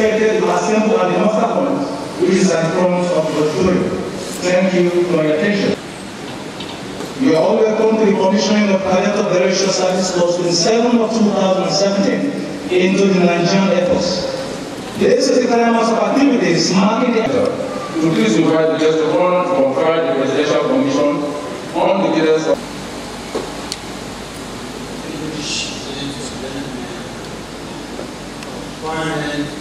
expected to assemble at the Master Point, which is at front of the jury. Thank you for your attention. You are all welcome to the commissioning of Cabinet of the Racial Service in 27 of 2017 into the Nigerian efforts. This is the calamus of activities marking the To please invite the guest of to confer the Presidential Commission on the guidance of environment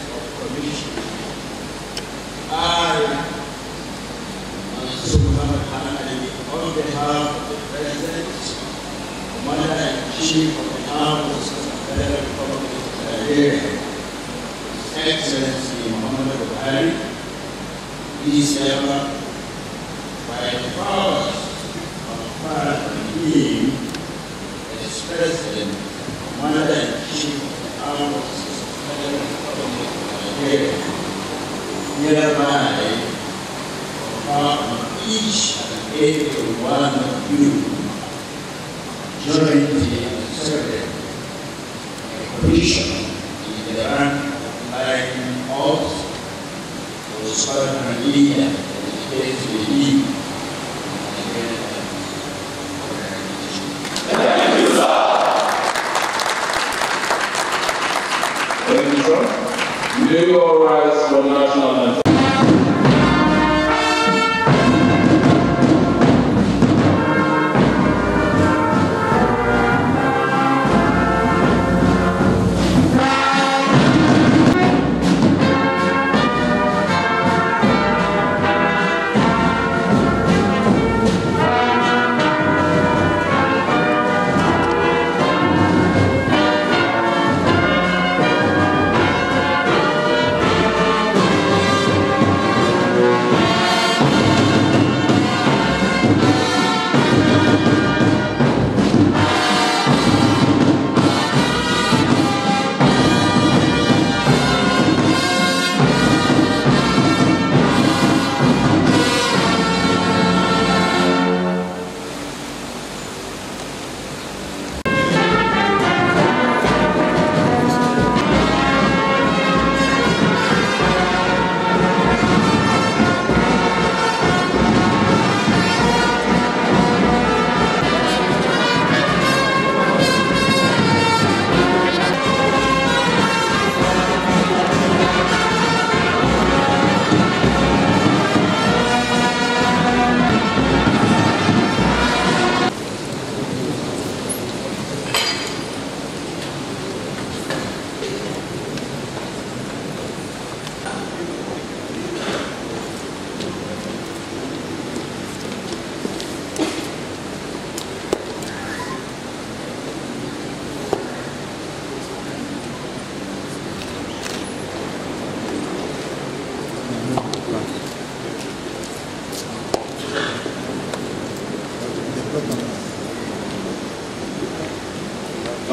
being, as President, Commander in Chief of Armed Forces of Nigeria, hereby on each and every one of you jointly serving a commission in the rank of line officer for sovereign leader and we. leader.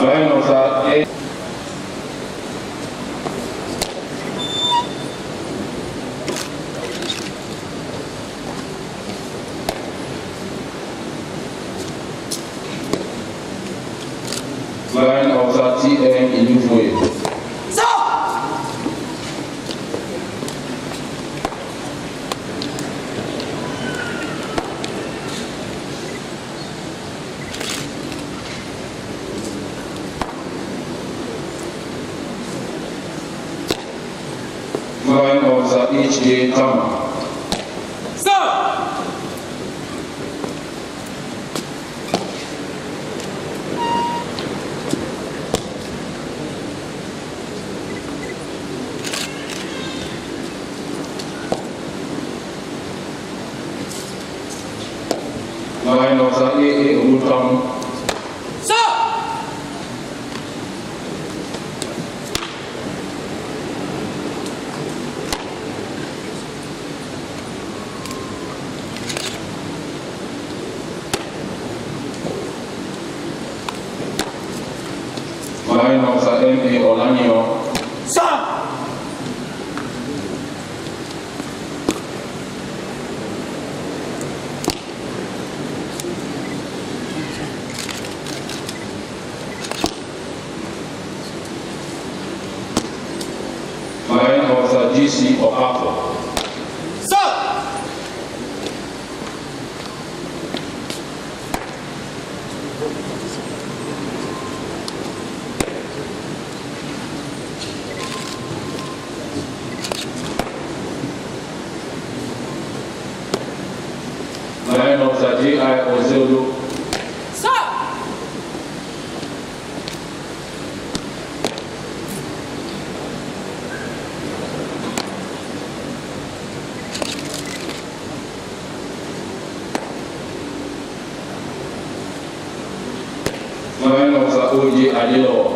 menos a... 一起上！上！来，老师，一、五三。el año saúde, Arilo.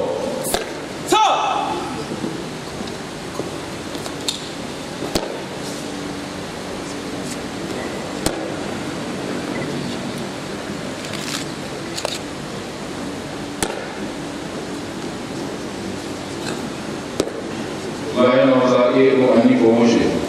Vai, nos aí, o amigo hoje.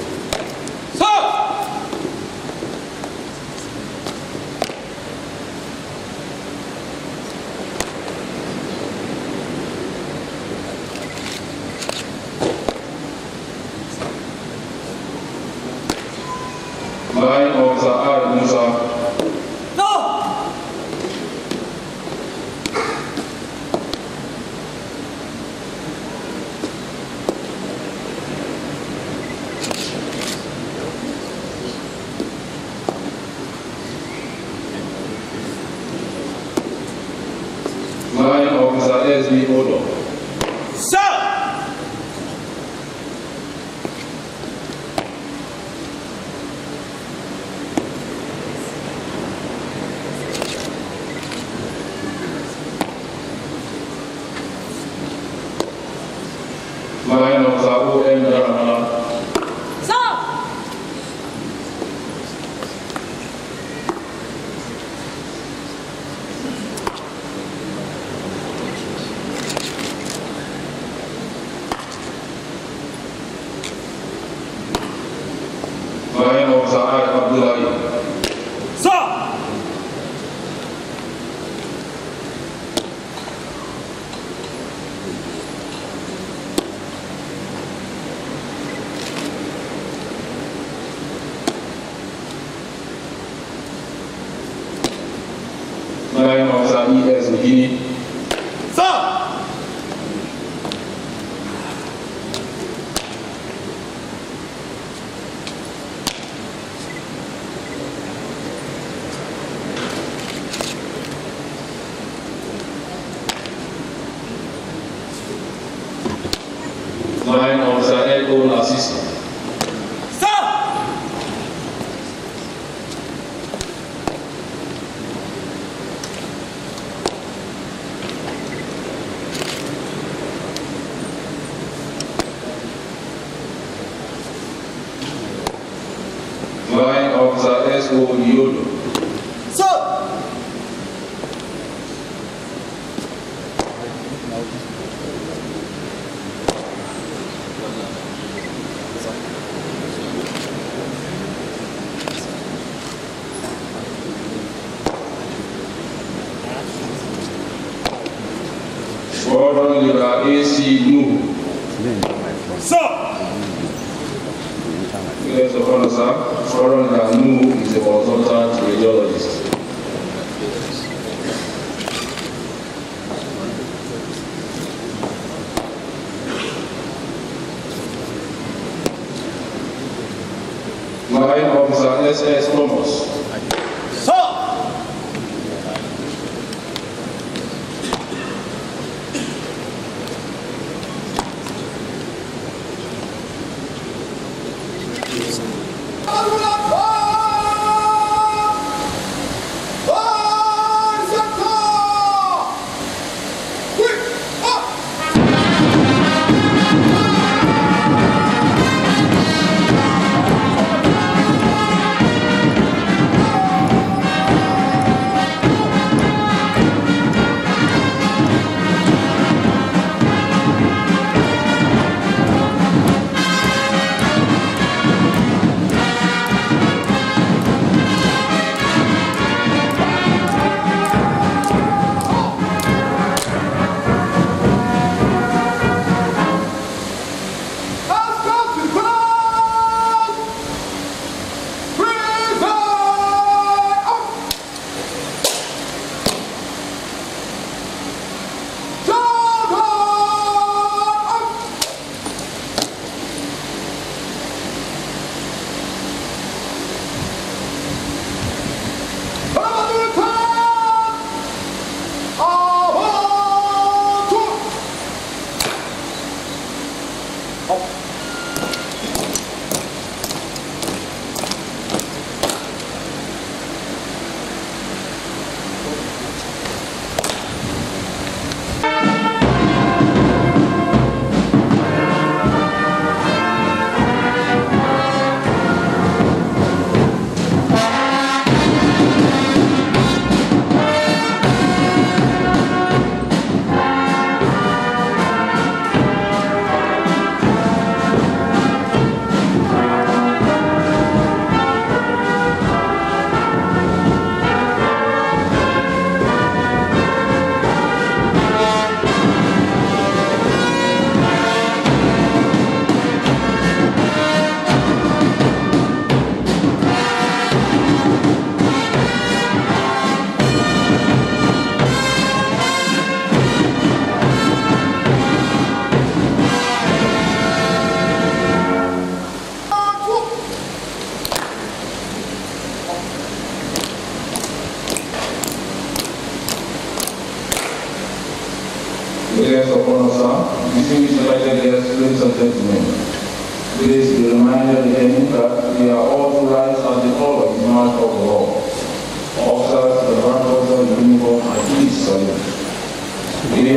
tunayo mauzani ya zuhini Olha esse nu. Só! Ladies and gentlemen, Foreign Hanu is a consultant radiologist. é Officer SS Thomas.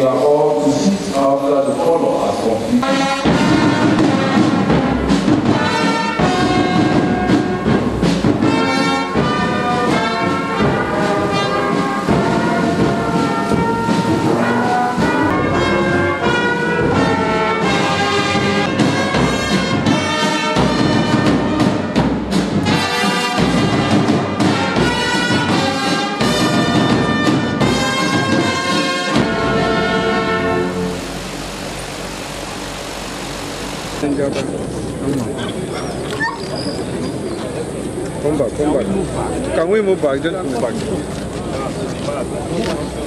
are all, all the follow a r complete. gaba come back come back can we move back just move back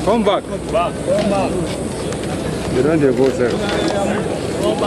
come back come you don't dey go sir